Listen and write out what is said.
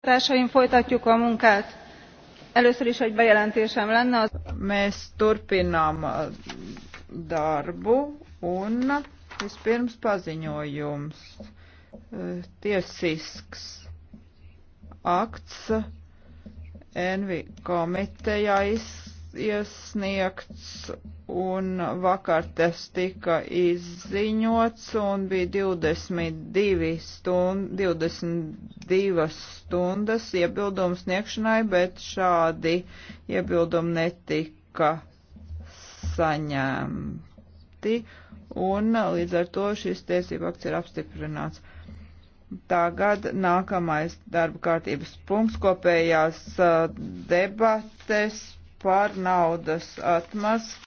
társaim folytatjuk a munkát. először is egy bejelentésem lenne. mēs turpinām uh, darbu un vispirms paziņojums. Uh, tiesisks akts Envi komitejā izskatās iesniegts un vakar tas tika izziņots un bija 22, stund, 22 stundas iebildumu sniegšanai, bet šādi iebildumi netika saņemti un līdz ar to šis tiesība akts ir apstiprināts. Tagad nākamais darba kārtības punkts kopējās uh, debates par naudas atmaz.